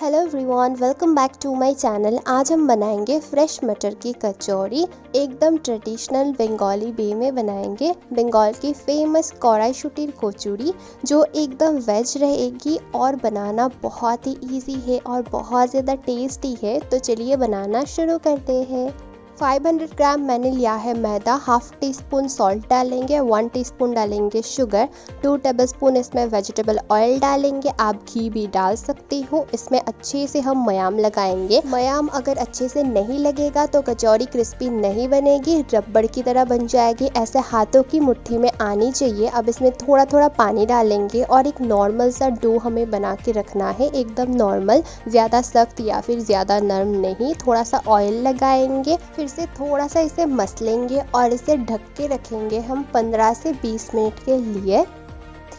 hello everyone welcome back to my channel आज हम बनाएंगे फ्रेश मटर की कचौड़ी एकदम ट्रेडिशनल बंगाली वे में बनाएंगे बंगाल की फेमस कौड़ाई शुटीर कोचूड़ी जो एकदम वेज रहेगी और बनाना बहुत ही इजी है और बहुत ज़्यादा टेस्टी है तो चलिए बनाना शुरू करते हैं 500 ग्राम मैंने लिया है मैदा हाफ टी स्पून सॉल्ट डालेंगे वन टीस्पून डालेंगे शुगर टू स्पून इसमें वेजिटेबल ऑयल डालेंगे आप घी भी डाल सकती हो इसमें अच्छे से हम मयाम लगाएंगे मयाम अगर अच्छे से नहीं लगेगा तो कचौरी क्रिस्पी नहीं बनेगी रबड़ की तरह बन जाएगी ऐसे हाथों की मुट्ठी में आनी चाहिए अब इसमें थोड़ा थोड़ा पानी डालेंगे और एक नॉर्मल सा डो हमें बना के रखना है एकदम नॉर्मल ज़्यादा सख्त या फिर ज़्यादा नरम नहीं थोड़ा सा ऑयल लगाएंगे फिर फिर से थोड़ा सा इसे मसलेंगे और इसे ढक के रखेंगे हम 15 से 20 मिनट के लिए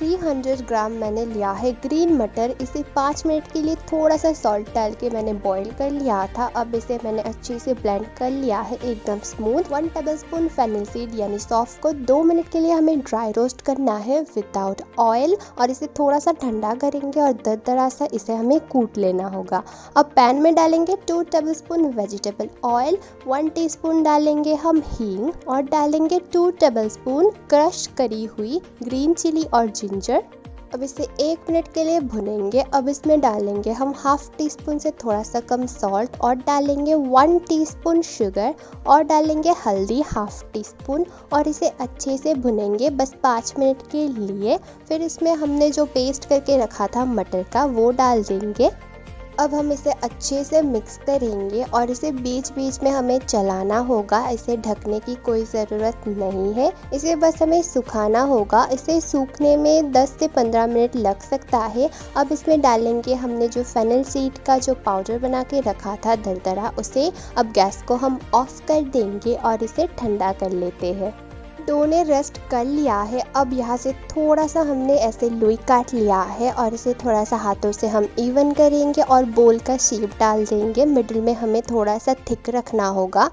300 ग्राम मैंने लिया है ग्रीन मटर इसे पाँच मिनट के लिए थोड़ा सा सॉल्ट डाल के मैंने बॉईल कर लिया था अब इसे मैंने अच्छे से ब्लेंड कर लिया है एकदम smooth one tablespoon fennel seed यानी सौफ को दो मिनट के लिए हमें ड्राई रोस्ट करना है विदाउट ऑयल और इसे थोड़ा सा ठंडा करेंगे और दर दरा सा इसे हमें कूट लेना होगा अब पैन में डालेंगे to table spoon vegetable oil one teaspoon डालेंगे हम हींग और डालेंगे टू टेबल स्पून क्रश करी हुई ग्रीन चिली और जिंजर अब इसे एक मिनट के लिए भुनेंगे अब इसमें डालेंगे हम हाफ टी स्पून से थोड़ा सा कम सॉल्ट और डालेंगे वन टीस्पून शुगर और डालेंगे हल्दी हाफ टी स्पून और इसे अच्छे से भुनेंगे बस पाँच मिनट के लिए फिर इसमें हमने जो पेस्ट करके रखा था मटर का वो डाल देंगे अब हम इसे अच्छे से मिक्स करेंगे और इसे बीच बीच में हमें चलाना होगा इसे ढकने की कोई ज़रूरत नहीं है इसे बस हमें सुखाना होगा इसे सूखने में 10 से 15 मिनट लग सकता है अब इसमें डालेंगे हमने जो फेनल सीड का जो पाउडर बना के रखा था दरदरा उसे अब गैस को हम ऑफ कर देंगे और इसे ठंडा कर लेते हैं ने रेस्ट कर लिया है अब यहाँ से थोड़ा सा हमने ऐसे लोई काट लिया है और इसे थोड़ा सा हाथों से हम इवन करेंगे और बोल का शेप डाल देंगे मिडिल में हमें थोड़ा सा थिक रखना होगा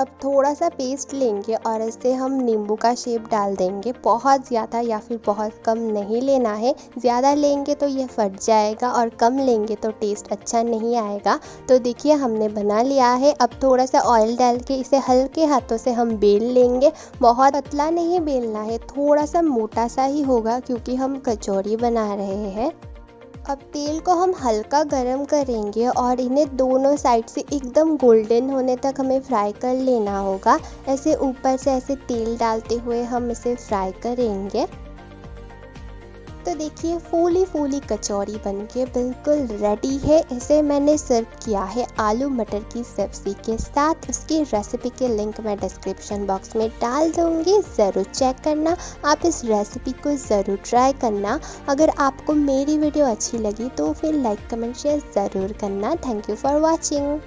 अब थोड़ा सा पेस्ट लेंगे और इसे हम नींबू का शेप डाल देंगे बहुत ज़्यादा या फिर बहुत कम नहीं लेना है ज़्यादा लेंगे तो ये फट जाएगा और कम लेंगे तो टेस्ट अच्छा नहीं आएगा तो देखिए हमने बना लिया है अब थोड़ा सा ऑयल डाल के इसे हल्के हाथों से हम बेल लेंगे बहुत पतला नहीं बेलना है थोड़ा सा मोटा सा ही होगा क्योंकि हम कचौड़ी बना रहे हैं अब तेल को हम हल्का गरम करेंगे और इन्हें दोनों साइड से एकदम गोल्डन होने तक हमें फ्राई कर लेना होगा ऐसे ऊपर से ऐसे तेल डालते हुए हम इसे फ्राई करेंगे तो देखिए फूली फूली कचौरी बनके बिल्कुल रेडी है इसे मैंने सर्व किया है आलू मटर की सब्जी के साथ उसकी रेसिपी के लिंक मैं डिस्क्रिप्शन बॉक्स में डाल दूँगी ज़रूर चेक करना आप इस रेसिपी को ज़रूर ट्राई करना अगर आपको मेरी वीडियो अच्छी लगी तो फिर लाइक कमेंट शेयर ज़रूर करना थैंक यू फॉर वॉचिंग